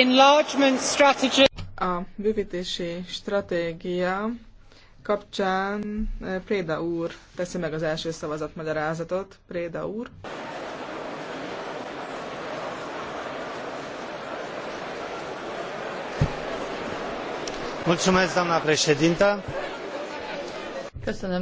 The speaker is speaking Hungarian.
enlargement strategy. A bővítési stratégia kapcsán eh, Préda úr teszi meg az első szavazatmagyarázatot. Préda úr. Mulțumesc, doamna președintă. Köszönöm